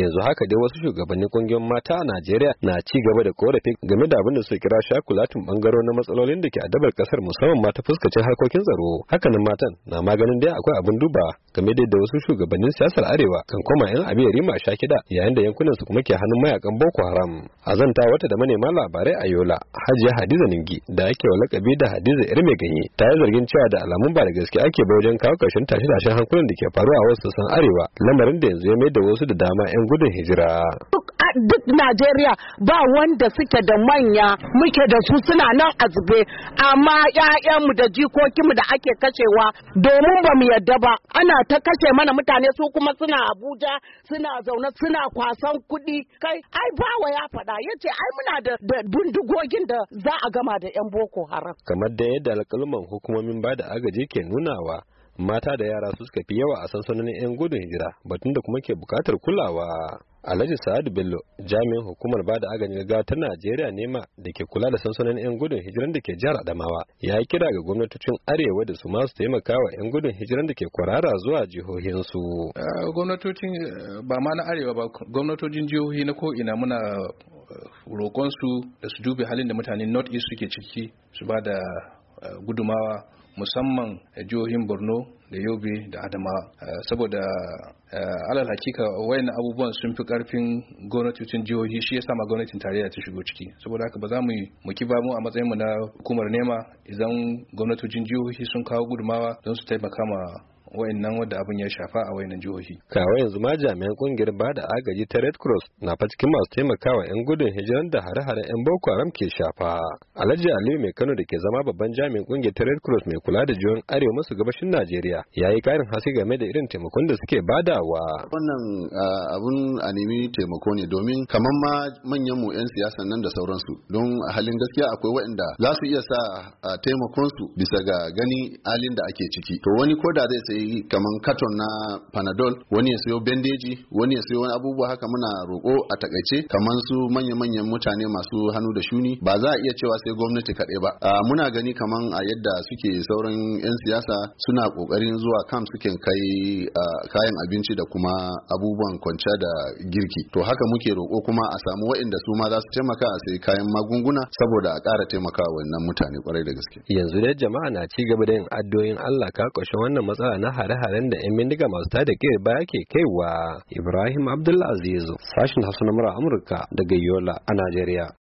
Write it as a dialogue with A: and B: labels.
A: yanzu haka dai wasu shugabannin kungiyoyin mata a Najeriya na ci gaba da korafi game da abin da suka kira shakulatin bangaro na matsalolin da ke adabar kasar musamman mata fuskacin harkokin tsaro hakanan matan na maganin dai akwai abin duba game da yadda wasu shugabannin siyasar arewa kan koma yan abin rima sha kida yayin da yankunan su kuma ke hannun mayakan boko haram a zan zanta wata da manema labarai a yola hajiya hadiza ningi da ake wa lakabi da hadiza yar mai ganye ta yi zargin cewa da alamun ba da gaske ake ba wajen kawo karshen tashe tashen hankulan da ke faruwa a wasu sassan arewa lamarin da yanzu ya mai da wasu da dama yan gudun hijira
B: duk Najeriya ba wanda suke da manya muke da su suna nan a zube amma ƴaƴanmu da jikokinmu da ake kashewa domin ba mu yadda ba ana ta kashe mana mutane su kuma suna Abuja suna zaune suna kwasan kuɗi kai ai bawa ya faɗa yace ai muna da bindigogin da za a gama da 'yan Boko Haram
A: kamar da yadda alƙaluman hukumomin ba da agaji ke nunawa mata da yara su suka fi yawa a sansanonin 'yan gudun hijira batun da kuma ke bukatar kulawa alhaji sa'adu bello jami'in hukumar ba da agajin gaggawa ta najeriya nema da ke kula da sansanonin 'yan gudun hijiran da ke jihar adamawa ya kira ga gwamnatocin arewa da su masu taimaka 'yan gudun hijiran da ke kwarara zuwa jihohinsu eh,
C: gwamnatocin eh, ba ma na arewa ba gwamnatocin jihohi na ko'ina muna eh, roƙonsu da su dubi halin da mutanen north east suke ciki su ba da gudumawa musamman jihohin borno da yobe da adamawa eh, saboda eh, alal hakika wayan abubuwan sun fi karfin gwamnatocin jihohi shi ya sama gwamnatin tarayya ta shigo ciki saboda haka ba za mu mu ki ba mu a matsayin mu na hukumar nema idan gwamnatocin jihohi sun kawo gudumawa don su taimaka ma wayannan wadda abin ya shafa a wayannan jihohi kawai
A: yanzu ma jami'an kungiyar ba da agaji ta red cross na fa masu taimakawa yan gudun hijiran da hare-hare yan boko haram ke shafa alhaji aliyu mai kano da ke zama babban jami'in kungiyar ta red cross mai kula da jihohin arewa masu gabashin
D: najeriya ya yi karin haske game da irin taimakon da suke badawa wannan abun a nemi taimako ne domin kamar ma manyan mu yan siyasan nan da sauransu don a halin gaskiya akwai waɗanda za su iya sa taimakon su bisa ga gani halin da ake ciki to wani koda zai sai sayi kaman katon na panadol wani ya sayo bandeji wani ya sayo wani abubuwa haka muna roƙo a takaice kaman su manya-manyan mutane masu hannu da shuni ba za a iya cewa sai gwamnati kaɗai ba a ah, muna gani kaman a yadda suke sauran 'yan siyasa suna ƙoƙarin zuwa kam suke kai ah, kayan abinci da kuma abubuwan kwanciya da girki to haka muke roƙo kuma a samu waɗanda su ma za su taimaka a sayi kayan magunguna saboda a ƙara taimaka wannan mutane kwarai da gaske yanzu dai jama'a na ci gaba da yin addu'o'in Allah ka ƙoshin
A: wannan matsala na na hare-haren da 'yan mindiga masu tada kai baya ke kaiwa Ibrahim Abdullaziz sashen Hausa na Amurka daga Yola a Najeriya